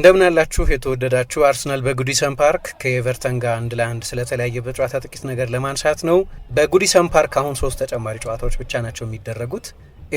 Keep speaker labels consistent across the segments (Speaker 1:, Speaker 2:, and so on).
Speaker 1: እንደምን አላችሁ የተወደዳችሁ አርሰናል በጉዲሰን ፓርክ ከኤቨርተን ጋር አንድ ለአንድ ስለተለያየ በጨዋታ ጥቂት ነገር ለማንሳት ነው። በጉዲሰን ፓርክ አሁን ሶስት ተጨማሪ ጨዋታዎች ብቻ ናቸው የሚደረጉት።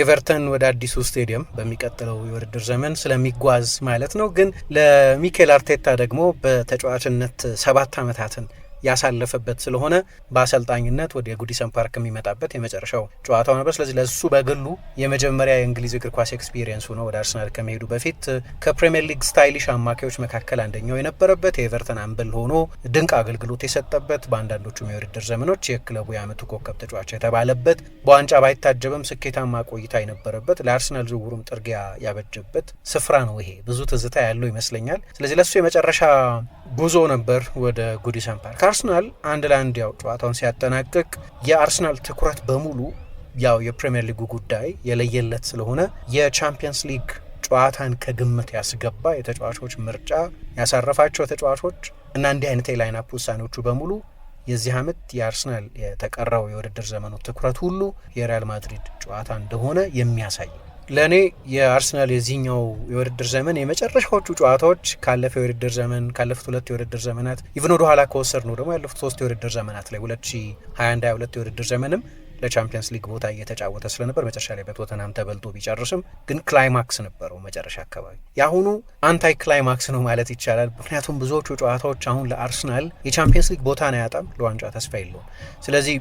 Speaker 1: ኤቨርተን ወደ አዲሱ ስቴዲየም በሚቀጥለው የውድድር ዘመን ስለሚጓዝ ማለት ነው። ግን ለሚኬል አርቴታ ደግሞ በተጫዋችነት ሰባት ዓመታትን ያሳለፈበት ስለሆነ በአሰልጣኝነት ወደ ጉዲሰን ፓርክ የሚመጣበት የመጨረሻው ጨዋታው ነበር። ስለዚህ ለሱ በግሉ የመጀመሪያ የእንግሊዝ እግር ኳስ ኤክስፒሪየንሱ ነው። ወደ አርሰናል ከመሄዱ በፊት ከፕሪምየር ሊግ ስታይሊሽ አማካዮች መካከል አንደኛው የነበረበት የኤቨርተን አምበል ሆኖ ድንቅ አገልግሎት የሰጠበት በአንዳንዶቹ የውድድር ዘመኖች የክለቡ የአመቱ ኮከብ ተጫዋች የተባለበት በዋንጫ ባይታጀበም ስኬታማ ቆይታ የነበረበት ለአርሰናል ዝውውሩም ጥርጊያ ያበጀበት ስፍራ ነው። ይሄ ብዙ ትዝታ ያለው ይመስለኛል። ስለዚህ ለሱ የመጨረሻ ጉዞ ነበር ወደ ጉዲሰን ፓርክ። አርሰናል አንድ ለአንድ ያው ጨዋታውን ሲያጠናቅቅ የአርሰናል ትኩረት በሙሉ ያው የፕሪምየር ሊጉ ጉዳይ የለየለት ስለሆነ የቻምፒየንስ ሊግ ጨዋታን ከግምት ያስገባ የተጫዋቾች ምርጫ ያሳረፋቸው ተጫዋቾች እና እንዲህ አይነት የላይናፕ ውሳኔዎቹ በሙሉ የዚህ ዓመት የአርሰናል የተቀረው የውድድር ዘመኑ ትኩረት ሁሉ የሪያል ማድሪድ ጨዋታ እንደሆነ የሚያሳይ ለእኔ የአርሰናል የዚህኛው የውድድር ዘመን የመጨረሻዎቹ ጨዋታዎች ካለፈ የውድድር ዘመን ካለፉት ሁለት የውድድር ዘመናት ኢቭን ወደ ኋላ ከወሰድ ነው ደግሞ ያለፉት ሶስት የውድድር ዘመናት ላይ 2021 22 የውድድር ዘመንም ለቻምፒየንስ ሊግ ቦታ እየተጫወተ ስለነበር መጨረሻ ላይ በቶተናም ተበልጦ ቢጨርስም ግን ክላይማክስ ነበረው መጨረሻ አካባቢ። የአሁኑ አንታይ ክላይማክስ ነው ማለት ይቻላል። ምክንያቱም ብዙዎቹ ጨዋታዎች አሁን ለአርሰናል የቻምፒየንስ ሊግ ቦታን አያጣም፣ ለዋንጫ ተስፋ የለውም። ስለዚህ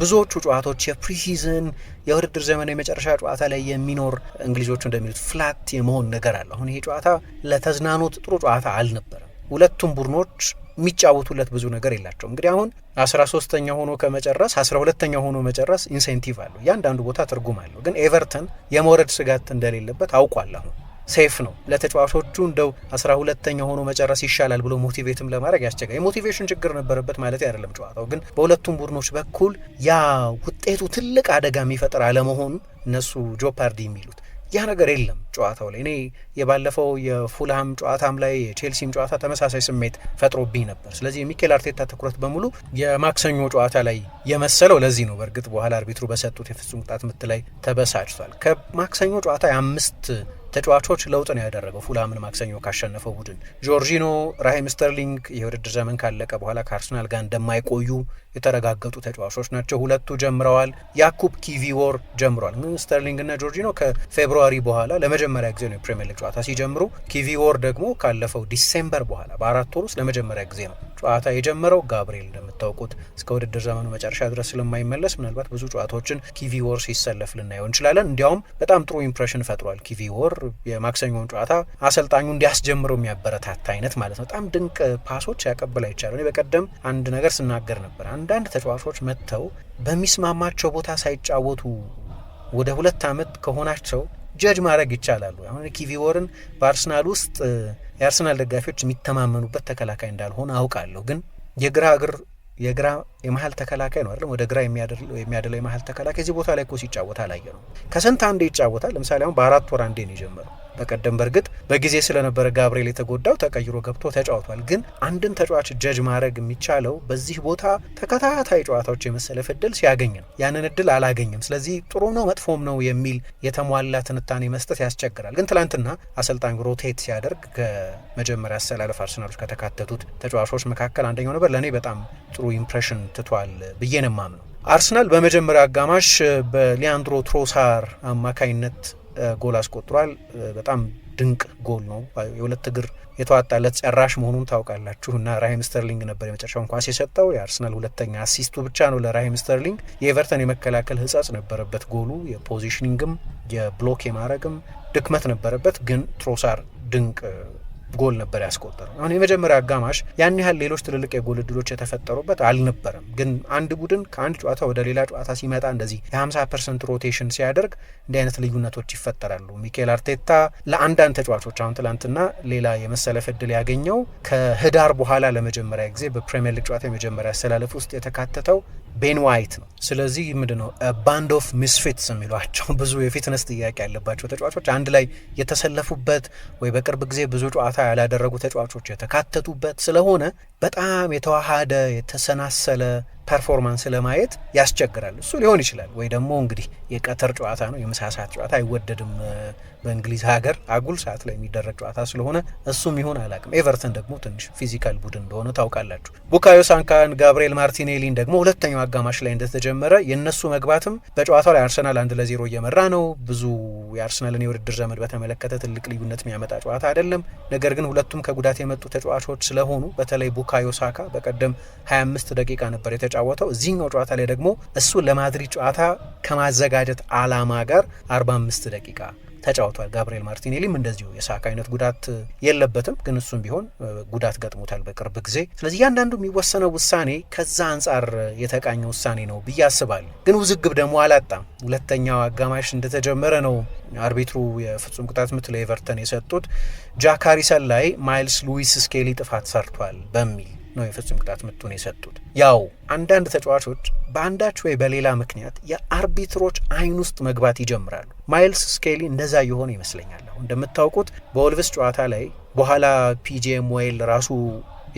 Speaker 1: ብዙዎቹ ጨዋታዎች የፕሪሲዝን የውድድር ዘመን የመጨረሻ ጨዋታ ላይ የሚኖር እንግሊዞቹ እንደሚሉት ፍላት የመሆን ነገር አለ። አሁን ይሄ ጨዋታ ለተዝናኖት ጥሩ ጨዋታ አልነበረም። ሁለቱም ቡድኖች የሚጫወቱለት ብዙ ነገር የላቸው እንግዲህ አሁን አስራ ሶስተኛ ሆኖ ከመጨረስ አስራ ሁለተኛ ሆኖ መጨረስ ኢንሴንቲቭ አለው፣ እያንዳንዱ ቦታ ትርጉም አለው። ግን ኤቨርተን የመውረድ ስጋት እንደሌለበት አውቋል አሁን ሴፍ ነው ለተጫዋቾቹ እንደው አስራ ሁለተኛ ሆኖ መጨረስ ይሻላል ብሎ ሞቲቬትም ለማድረግ ያስቸጋል። የሞቲቬሽን ችግር ነበረበት ማለት አይደለም ጨዋታው ግን በሁለቱም ቡድኖች በኩል ያ ውጤቱ ትልቅ አደጋ የሚፈጥር አለመሆኑ እነሱ ጆፓርዲ የሚሉት ያ ነገር የለም ጨዋታው ላይ እኔ የባለፈው የፉልሃም ጨዋታም ላይ የቼልሲም ጨዋታ ተመሳሳይ ስሜት ፈጥሮብኝ ነበር። ስለዚህ የሚኬል አርቴታ ትኩረት በሙሉ የማክሰኞ ጨዋታ ላይ የመሰለው ለዚህ ነው። በእርግጥ በኋላ አርቢትሩ በሰጡት የፍጹም ቅጣት ምት ላይ ተበሳጭቷል። ከማክሰኞ ጨዋታ የአምስት ተጫዋቾች ለውጥ ነው ያደረገው ፉላምን ማክሰኞ ካሸነፈው ቡድን። ጆርጂኖ፣ ራሂም ስተርሊንግ የውድድር ዘመን ካለቀ በኋላ ከአርሰናል ጋር እንደማይቆዩ የተረጋገጡ ተጫዋቾች ናቸው። ሁለቱ ጀምረዋል። ያኩብ ኪቪወር ጀምረዋል። ስተርሊንግ እና ጆርጂኖ ከፌብሩዋሪ በኋላ ለመጀመሪያ ጊዜ ነው የፕሪሚየር ሊግ ጨዋታ ሲጀምሩ። ኪቪወር ደግሞ ካለፈው ዲሴምበር በኋላ በአራት ወር ውስጥ ለመጀመሪያ ጊዜ ነው ጨዋታ የጀመረው። ጋብሪኤል እንደምታውቁት እስከ ውድድር ዘመኑ መጨረሻ ድረስ ስለማይመለስ ምናልባት ብዙ ጨዋታዎችን ኪቪወር ሲሰለፍ ልናየው እንችላለን። እንዲያውም በጣም ጥሩ ኢምፕሬሽን ፈጥሯል ኪቪወር ሲጀምር የማክሰኞውን ጨዋታ አሰልጣኙ እንዲያስጀምረው የሚያበረታታ አይነት ማለት ነው። በጣም ድንቅ ፓሶች ያቀብል አይቻሉ። በቀደም አንድ ነገር ስናገር ነበር። አንዳንድ ተጫዋቾች መጥተው በሚስማማቸው ቦታ ሳይጫወቱ ወደ ሁለት ዓመት ከሆናቸው ጀጅ ማድረግ ይቻላሉ። አሁን ኪቪወርን በአርሰናል ውስጥ የአርሰናል ደጋፊዎች የሚተማመኑበት ተከላካይ እንዳልሆነ አውቃለሁ ግን የግራ እግር የግራ የመሀል ተከላካይ ነው አይደለም፣ ወደ ግራ የሚያደለው የመሀል ተከላካይ እዚህ ቦታ ላይ እኮ ሲጫወት አላየ ነው። ከስንት አንዴ ይጫወታል። ለምሳሌ አሁን በአራት ወር አንዴ ነው የጀመረው በቀደም በእርግጥ በጊዜ ስለነበረ ጋብርኤል የተጎዳው ተቀይሮ ገብቶ ተጫውቷል። ግን አንድን ተጫዋች ጀጅ ማድረግ የሚቻለው በዚህ ቦታ ተከታታይ ጨዋታዎች የመሰለፍ እድል ሲያገኝ ነው። ያንን እድል አላገኘም። ስለዚህ ጥሩ ነው መጥፎም ነው የሚል የተሟላ ትንታኔ መስጠት ያስቸግራል። ግን ትላንትና አሰልጣኝ ሮቴት ሲያደርግ ከመጀመሪያ አሰላለፍ አርሰናሎች ከተካተቱት ተጫዋቾች መካከል አንደኛው ነበር። ለእኔ በጣም ጥሩ ኢምፕሬሽን ትቷል ብዬ ነው የማምነው። አርሰናል በመጀመሪያ አጋማሽ በሊያንድሮ ትሮሳር አማካይነት ጎል አስቆጥሯል። በጣም ድንቅ ጎል ነው። የሁለት እግር የተዋጣለት ጨራሽ መሆኑን ታውቃላችሁ እና ራሂም ስተርሊንግ ነበር የመጨረሻውን ኳስ የሰጠው። የአርሰናል ሁለተኛ አሲስቱ ብቻ ነው ለራሂም ስተርሊንግ። የኤቨርተን የመከላከል ሕጸጽ ነበረበት ጎሉ። የፖዚሽኒንግም የብሎክ የማድረግም ድክመት ነበረበት፣ ግን ትሮሳር ድንቅ ጎል ነበር ያስቆጠረው። አሁን የመጀመሪያ አጋማሽ ያን ያህል ሌሎች ትልልቅ የጎል እድሎች የተፈጠሩበት አልነበረም። ግን አንድ ቡድን ከአንድ ጨዋታ ወደ ሌላ ጨዋታ ሲመጣ እንደዚህ የ50 ፐርሰንት ሮቴሽን ሲያደርግ እንዲህ አይነት ልዩነቶች ይፈጠራሉ። ሚኬል አርቴታ ለአንዳንድ ተጫዋቾች አሁን ትላንትና ሌላ የመሰለፍ እድል ያገኘው ከህዳር በኋላ ለመጀመሪያ ጊዜ በፕሪምየር ሊግ ጨዋታ የመጀመሪያ አሰላለፍ ውስጥ የተካተተው ቤን ዋይት ነው። ስለዚህ ምንድን ነው ባንድ ኦፍ ሚስፊትስ የሚሏቸው ብዙ የፊትነስ ጥያቄ ያለባቸው ተጫዋቾች አንድ ላይ የተሰለፉበት ወይ በቅርብ ጊዜ ብዙ ጨዋታ ያላደረጉ ተጫዋቾች የተካተቱበት ስለሆነ በጣም የተዋሃደ የተሰናሰለ ፐርፎርማንስ ለማየት ያስቸግራል። እሱ ሊሆን ይችላል ወይ ደግሞ እንግዲህ የቀትር ጨዋታ ነው፣ የምሳ ሰዓት ጨዋታ አይወደድም በእንግሊዝ ሀገር አጉል ሰዓት ላይ የሚደረግ ጨዋታ ስለሆነ እሱም ይሆን አላቅም። ኤቨርተን ደግሞ ትንሽ ፊዚካል ቡድን እንደሆነ ታውቃላችሁ። ቡካዮ ሳካን፣ ጋብርኤል ማርቲኔሊን ደግሞ ሁለተኛው አጋማሽ ላይ እንደተጀመረ የእነሱ መግባትም በጨዋታው ላይ አርሰናል አንድ ለዜሮ እየመራ ነው። ብዙ የአርሰናልን የውድድር ዘመን በተመለከተ ትልቅ ልዩነት የሚያመጣ ጨዋታ አይደለም። ነገር ግን ሁለቱም ከጉዳት የመጡ ተጫዋቾች ስለሆኑ በተለይ ቡካዮ ሳካ በቀደም 25 ደቂቃ ነበር የተጫወተው። እዚህኛው ጨዋታ ላይ ደግሞ እሱ ለማድሪድ ጨዋታ ከማዘጋጀት አላማ ጋር 45 ደቂቃ ተጫውቷል። ጋብርኤል ማርቲኔሊም እንደዚሁ የሳካ አይነት ጉዳት የለበትም፣ ግን እሱም ቢሆን ጉዳት ገጥሞታል በቅርብ ጊዜ። ስለዚህ እያንዳንዱ የሚወሰነው ውሳኔ ከዛ አንጻር የተቃኘ ውሳኔ ነው ብዬ አስባለሁ። ግን ውዝግብ ደግሞ አላጣም። ሁለተኛው አጋማሽ እንደተጀመረ ነው አርቢትሩ የፍጹም ቅጣት ምት ለኤቨርተን የሰጡት ጃካሪሰን ላይ ማይልስ ሉዊስ ስኬሊ ጥፋት ሰርቷል በሚል ነው የፍጹም ቅጣት ምቱን የሰጡት። ያው አንዳንድ ተጫዋቾች በአንዳች ወይ በሌላ ምክንያት የአርቢትሮች አይን ውስጥ መግባት ይጀምራሉ። ማይልስ ስኬሊ እንደዛ የሆነ ይመስለኛል። እንደምታውቁት በወልቭስ ጨዋታ ላይ በኋላ ፒጄም ዌይል ራሱ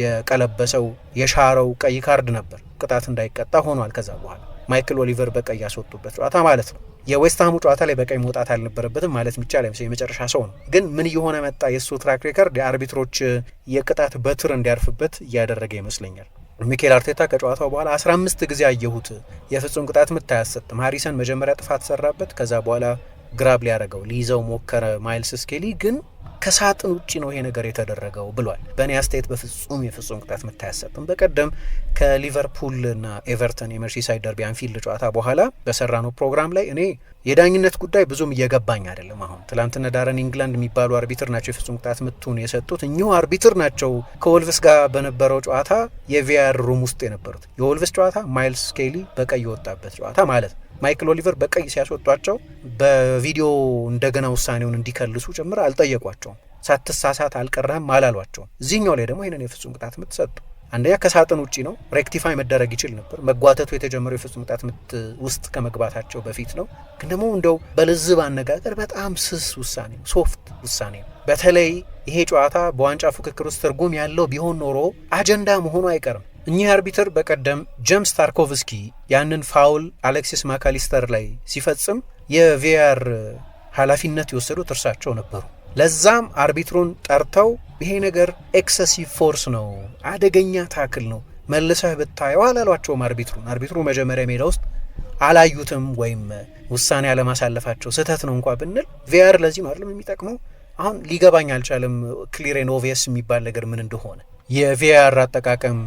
Speaker 1: የቀለበሰው የሻረው ቀይ ካርድ ነበር፣ ቅጣት እንዳይቀጣ ሆኗል። ከዛ በኋላ ማይክል ኦሊቨር በቀይ ያስወጡበት ጨዋታ ማለት ነው። የዌስትሃሙ ጨዋታ ላይ በቀይ መውጣት አልነበረበትም ማለት የሚቻል አይመስለኝ። የመጨረሻ ሰው ነው፣ ግን ምን እየሆነ መጣ? የእሱ ትራክ ሬከርድ የአርቢትሮች የቅጣት በትር እንዲያርፍበት እያደረገ ይመስለኛል። ሚኬል አርቴታ ከጨዋታው በኋላ 15 ጊዜ አየሁት የፍጹም ቅጣት ምት አያሰጥም። ሃሪሰን መጀመሪያ ጥፋት ሰራበት፣ ከዛ በኋላ ግራብ ሊያደርገው ሊይዘው ሞከረ ማይልስ ስኬሊ ግን ከሳጥን ውጭ ነው ይሄ ነገር የተደረገው ብሏል። በእኔ አስተያየት በፍጹም የፍጹም ቅጣት ምት በቀደም ከሊቨርፑል ኤቨርተን የመርሲሳይድ ደርቢ አንፊልድ ጨዋታ በኋላ በሰራነው ፕሮግራም ላይ እኔ የዳኝነት ጉዳይ ብዙም እየገባኝ አይደለም። አሁን ትላንትና ዳረን ኢንግላንድ የሚባሉ አርቢትር ናቸው የፍጹም ቅጣት ምቱን የሰጡት። እኚሁ አርቢትር ናቸው ከወልቭስ ጋር በነበረው ጨዋታ የቪያር ሩም ውስጥ የነበሩት። የወልቭስ ጨዋታ ማይልስ ስኬሊ በቀይ የወጣበት ጨዋታ ማለት ነው። ማይክል ኦሊቨር በቀይ ሲያስወጧቸው በቪዲዮ እንደገና ውሳኔውን እንዲከልሱ ጭምር አልጠየቋቸውም። ሳትሳሳት አልቀረህም አላሏቸውም። እዚህኛው ላይ ደግሞ ይህንን የፍጹም ቅጣት ምት ሰጡ። አንደኛ ከሳጥን ውጭ ነው፣ ሬክቲፋይ መደረግ ይችል ነበር። መጓተቱ የተጀመረው የፍጹም ቅጣት ምት ውስጥ ከመግባታቸው በፊት ነው። ግን ደግሞ እንደው በልዝብ አነጋገር በጣም ስስ ውሳኔ ነው፣ ሶፍት ውሳኔ ነው። በተለይ ይሄ ጨዋታ በዋንጫ ፉክክር ውስጥ ትርጉም ያለው ቢሆን ኖሮ አጀንዳ መሆኑ አይቀርም። እኚህ አርቢትር በቀደም ጀምስ ታርኮቭስኪ ያንን ፋውል አሌክሲስ ማካሊስተር ላይ ሲፈጽም የቪአር ኃላፊነት የወሰዱት እርሳቸው ነበሩ። ለዛም አርቢትሩን ጠርተው ይሄ ነገር ኤክሰሲቭ ፎርስ ነው፣ አደገኛ ታክል ነው፣ መልሰህ ብታየው አላሏቸውም። አርቢትሩን አርቢትሩ መጀመሪያ ሜዳ ውስጥ አላዩትም ወይም ውሳኔ አለማሳለፋቸው ስህተት ነው እንኳ ብንል ቪአር ለዚህ ነው አይደለም የሚጠቅመው። አሁን ሊገባኝ አልቻለም፣ ክሊር ኤንድ የሚባል ነገር ምን እንደሆነ የቪአር አጠቃቀም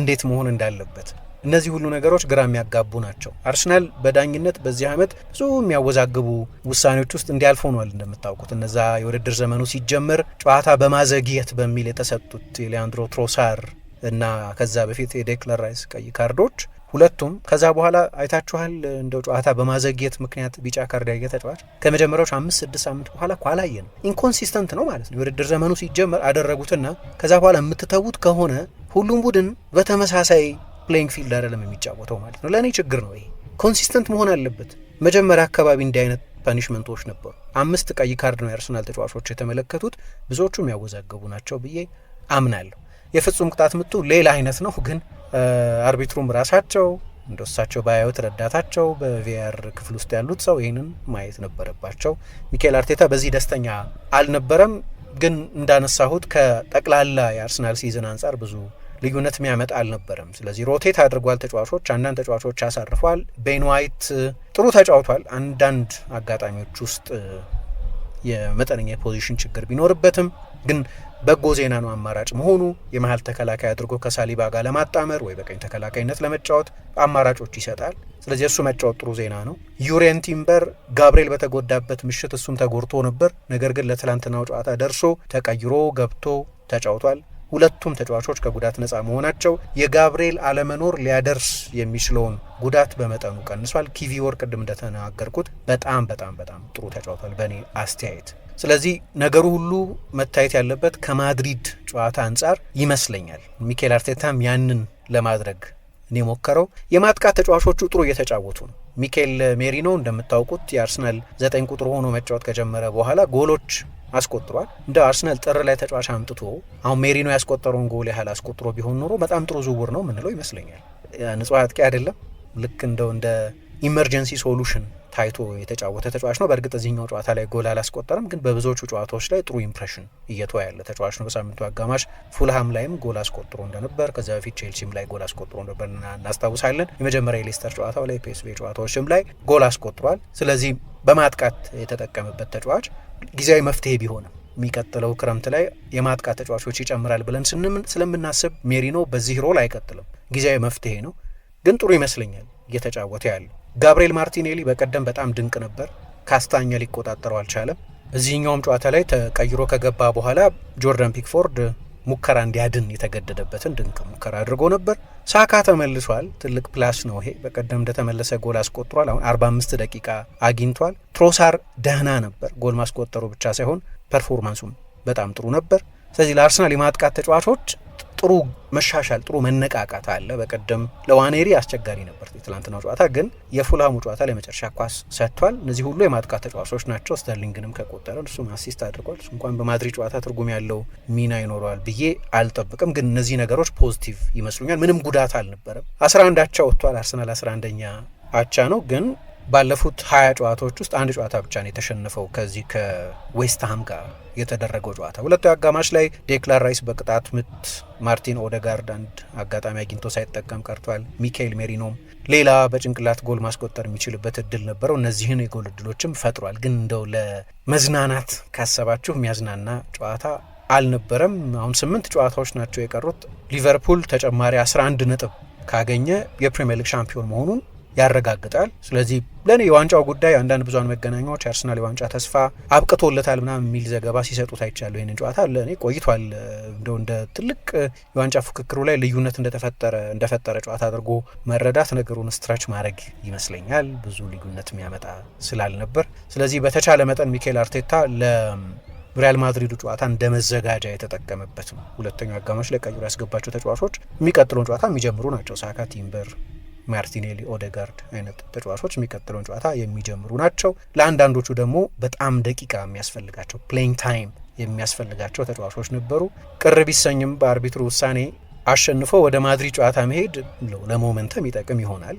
Speaker 1: እንዴት መሆን እንዳለበት እነዚህ ሁሉ ነገሮች ግራ የሚያጋቡ ናቸው። አርሰናል በዳኝነት በዚህ ዓመት ብዙ የሚያወዛግቡ ውሳኔዎች ውስጥ እንዲያልፍ ሆኗል። እንደምታውቁት እነዛ የውድድር ዘመኑ ሲጀምር ጨዋታ በማዘግየት በሚል የተሰጡት የሊያንድሮ ትሮሳር እና ከዛ በፊት የዴክለር ራይስ ቀይ ካርዶች ሁለቱም ከዛ በኋላ አይታችኋል። እንደው ጨዋታ በማዘግየት ምክንያት ቢጫ ካርድ ያየ ተጫዋች ከመጀመሪያዎች አምስት ስድስት ሳምንት በኋላ ኳላ አየ ነው። ኢንኮንሲስተንት ነው ማለት ነው። የውድድር ዘመኑ ሲጀመር አደረጉትና ከዛ በኋላ የምትተዉት ከሆነ ሁሉም ቡድን በተመሳሳይ ፕሌይንግ ፊልድ አይደለም የሚጫወተው ማለት ነው። ለእኔ ችግር ነው ይሄ። ኮንሲስተንት መሆን አለበት። መጀመሪያ አካባቢ እንዲህ አይነት ፐኒሽመንቶች ነበሩ። አምስት ቀይ ካርድ ነው የአርሰናል ተጫዋቾች የተመለከቱት። ብዙዎቹም ያወዛገቡ ናቸው ብዬ አምናለሁ። የፍጹም ቅጣት ምቱ ሌላ አይነት ነው። ግን አርቢትሩም ራሳቸው እንደሳቸው ባያዩት ረዳታቸው በቪአር ክፍል ውስጥ ያሉት ሰው ይህንን ማየት ነበረባቸው። ሚካኤል አርቴታ በዚህ ደስተኛ አልነበረም። ግን እንዳነሳሁት ከጠቅላላ የአርሰናል ሲዝን አንጻር ብዙ ልዩነት የሚያመጣ አልነበረም። ስለዚህ ሮቴት አድርጓል ተጫዋቾች፣ አንዳንድ ተጫዋቾች አሳርፏል። ቤን ዋይት ጥሩ ተጫውቷል። አንዳንድ አጋጣሚዎች ውስጥ የመጠነኛ የፖዚሽን ችግር ቢኖርበትም ግን በጎ ዜና ነው አማራጭ መሆኑ። የመሀል ተከላካይ አድርጎ ከሳሊባ ጋር ለማጣመር ወይ በቀኝ ተከላካይነት ለመጫወት አማራጮች ይሰጣል። ስለዚህ እሱ መጫወት ጥሩ ዜና ነው። ዩሬን ቲምበር ጋብርኤል በተጎዳበት ምሽት እሱም ተጎድቶ ነበር። ነገር ግን ለትላንትናው ጨዋታ ደርሶ ተቀይሮ ገብቶ ተጫውቷል። ሁለቱም ተጫዋቾች ከጉዳት ነፃ መሆናቸው የጋብርኤል አለመኖር ሊያደርስ የሚችለውን ጉዳት በመጠኑ ቀንሷል። ኪቪወር ቅድም እንደተናገርኩት በጣም በጣም በጣም ጥሩ ተጫውቷል በእኔ አስተያየት። ስለዚህ ነገሩ ሁሉ መታየት ያለበት ከማድሪድ ጨዋታ አንጻር ይመስለኛል። ሚኬል አርቴታም ያንን ለማድረግ የሞከረው። የማጥቃት ተጫዋቾቹ ጥሩ እየተጫወቱ ነው። ሚኬል ሜሪኖ እንደምታውቁት የአርሰናል ዘጠኝ ቁጥር ሆኖ መጫወት ከጀመረ በኋላ ጎሎች አስቆጥሯል። እንደ አርሰናል ጥር ላይ ተጫዋች አምጥቶ አሁን ሜሪኖ ያስቆጠረውን ጎል ያህል አስቆጥሮ ቢሆን ኖሮ በጣም ጥሩ ዝውውር ነው ምንለው ይመስለኛል። ንጹህ አጥቂ አይደለም ልክ እንደው እንደ ኢመርጀንሲ ሶሉሽን ታይቶ የተጫወተ ተጫዋች ነው። በእርግጥ እዚህኛው ጨዋታ ላይ ጎል አላስቆጠረም፣ ግን በብዙዎቹ ጨዋታዎች ላይ ጥሩ ኢምፕሬሽን እየተወ ያለ ተጫዋች ነው። በሳምንቱ አጋማሽ ፉልሃም ላይም ጎል አስቆጥሮ እንደነበር፣ ከዚያ በፊት ቼልሲም ላይ ጎል አስቆጥሮ እንደነበር እናስታውሳለን። የመጀመሪያ የሌስተር ጨዋታው ላይ ፒኤስቪ ጨዋታዎችም ላይ ጎል አስቆጥሯል። ስለዚህ በማጥቃት የተጠቀመበት ተጫዋች ጊዜያዊ መፍትሄ ቢሆንም የሚቀጥለው ክረምት ላይ የማጥቃት ተጫዋቾች ይጨምራል ብለን ስለምናስብ ሜሪኖ በዚህ ሮል አይቀጥልም። ጊዜያዊ መፍትሄ ነው፣ ግን ጥሩ ይመስለኛል እየተጫወተ ያለው ጋብሪኤል ማርቲኔሊ በቀደም በጣም ድንቅ ነበር። ካስታኛ ሊቆጣጠረው አልቻለም። እዚህኛውም ጨዋታ ላይ ተቀይሮ ከገባ በኋላ ጆርዳን ፒክፎርድ ሙከራ እንዲያድን የተገደደበትን ድንቅ ሙከራ አድርጎ ነበር። ሳካ ተመልሷል። ትልቅ ፕላስ ነው ይሄ። በቀደም እንደተመለሰ ጎል አስቆጥሯል። አሁን 45 ደቂቃ አግኝቷል። ትሮሳር ደህና ነበር። ጎል ማስቆጠሩ ብቻ ሳይሆን ፐርፎርማንሱም በጣም ጥሩ ነበር። ስለዚህ ለአርሰናል የማጥቃት ተጫዋቾች ጥሩ መሻሻል ጥሩ መነቃቃት አለ። በቀደም ለዋኔሪ አስቸጋሪ ነበር የትላንትናው ጨዋታ፣ ግን የፉልሃሙ ጨዋታ ላይ መጨረሻ ኳስ ሰጥቷል። እነዚህ ሁሉ የማጥቃት ተጫዋቾች ናቸው። ስተርሊንግንም ከቆጠረ እሱም አሲስት አድርጓል። እንኳን በማድሪድ ጨዋታ ትርጉም ያለው ሚና ይኖረዋል ብዬ አልጠብቅም፣ ግን እነዚህ ነገሮች ፖዚቲቭ ይመስሉኛል። ምንም ጉዳት አልነበረም። አስራ አንድ አቻ ወጥቷል። አርሰናል አስራ አንደኛ አቻ ነው ግን ባለፉት ሀያ ጨዋታዎች ውስጥ አንድ ጨዋታ ብቻ ነው የተሸነፈው ከዚህ ከዌስትሃም ጋር የተደረገው ጨዋታ። ሁለቱ አጋማሽ ላይ ዴክላን ራይስ በቅጣት ምት ማርቲን ኦደጋርድ አንድ አጋጣሚ አግኝቶ ሳይጠቀም ቀርቷል። ሚካኤል ሜሪኖም ሌላ በጭንቅላት ጎል ማስቆጠር የሚችልበት እድል ነበረው። እነዚህን የጎል እድሎችም ፈጥሯል። ግን እንደው ለመዝናናት ካሰባችሁ የሚያዝናና ጨዋታ አልነበረም። አሁን ስምንት ጨዋታዎች ናቸው የቀሩት። ሊቨርፑል ተጨማሪ 11 ነጥብ ካገኘ የፕሪምየር ሊግ ሻምፒዮን መሆኑን ያረጋግጣል። ስለዚህ ለእኔ የዋንጫው ጉዳይ አንዳንድ ብዙሃን መገናኛዎች አርሰናል የዋንጫ ተስፋ አብቅቶለታል ምናምን የሚል ዘገባ ሲሰጡት አይቻለሁ። ይህንን ጨዋታ ለእኔ ቆይቷል እንደው እንደ ትልቅ የዋንጫ ፉክክሩ ላይ ልዩነት እንደተፈጠረ እንደፈጠረ ጨዋታ አድርጎ መረዳት ነገሩን ስትራች ማድረግ ይመስለኛል ብዙ ልዩነት የሚያመጣ ስላልነበር። ስለዚህ በተቻለ መጠን ሚካኤል አርቴታ ለ ሪያል ማድሪዱ ጨዋታ እንደ መዘጋጃ የተጠቀመበት ነው። ሁለተኛው አጋማሽ ላይ ቀይሮ ያስገባቸው ተጫዋቾች የሚቀጥለውን ጨዋታ የሚጀምሩ ናቸው። ሳካ፣ ቲምበር ማርቲኔሊ፣ ኦደጋርድ አይነት ተጫዋቾች የሚቀጥለውን ጨዋታ የሚጀምሩ ናቸው። ለአንዳንዶቹ ደግሞ በጣም ደቂቃ የሚያስፈልጋቸው ፕሌይንግ ታይም የሚያስፈልጋቸው ተጫዋቾች ነበሩ። ቅር ቢሰኝም በአርቢትሩ ውሳኔ አሸንፎ ወደ ማድሪድ ጨዋታ መሄድ ለሞመንተም ይጠቅም ይሆናል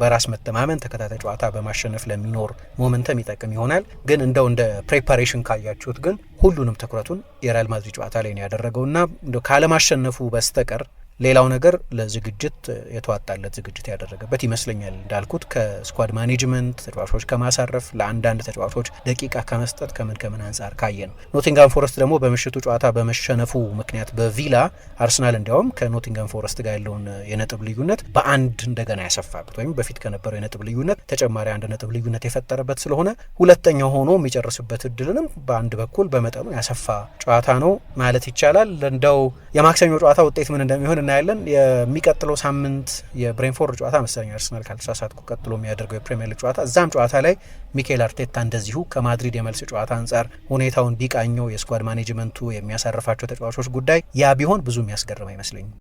Speaker 1: በራስ መተማመን ተከታታይ ጨዋታ በማሸነፍ ለሚኖር ሞመንተም ይጠቅም ይሆናል። ግን እንደው እንደ ፕሬፓሬሽን ካያችሁት ግን ሁሉንም ትኩረቱን የሪያል ማድሪድ ጨዋታ ላይ ነው ያደረገው እና ካለማሸነፉ በስተቀር ሌላው ነገር ለዝግጅት የተዋጣለት ዝግጅት ያደረገበት ይመስለኛል። እንዳልኩት ከስኳድ ማኔጅመንት ተጫዋቾች ከማሳረፍ ለአንዳንድ ተጫዋቾች ደቂቃ ከመስጠት ከምን ከምን አንጻር ካየ ነው። ኖቲንጋም ፎረስት ደግሞ በምሽቱ ጨዋታ በመሸነፉ ምክንያት በቪላ አርሰናል እንዲያውም ከኖቲንጋም ፎረስት ጋር ያለውን የነጥብ ልዩነት በአንድ እንደገና ያሰፋበት ወይም በፊት ከነበረው የነጥብ ልዩነት ተጨማሪ አንድ ነጥብ ልዩነት የፈጠረበት ስለሆነ ሁለተኛው ሆኖ የሚጨርስበት እድልንም በአንድ በኩል በመጠኑ ያሰፋ ጨዋታ ነው ማለት ይቻላል። እንደው የማክሰኞ ጨዋታ ውጤት ምን እንደሚሆን እናያለን። የሚቀጥለው ሳምንት የብሬንፎርድ ጨዋታ መሰለኝ አርስናል ካልተሳሳትኩ ቀጥሎ የሚያደርገው የፕሪሚየር ሊግ ጨዋታ፣ እዛም ጨዋታ ላይ ሚካኤል አርቴታ እንደዚሁ ከማድሪድ የመልስ ጨዋታ አንጻር ሁኔታውን ቢቃኘው የስኳድ ማኔጅመንቱ የሚያሳርፋቸው ተጫዋቾች ጉዳይ ያ ቢሆን ብዙ የሚያስገርም አይመስለኝም።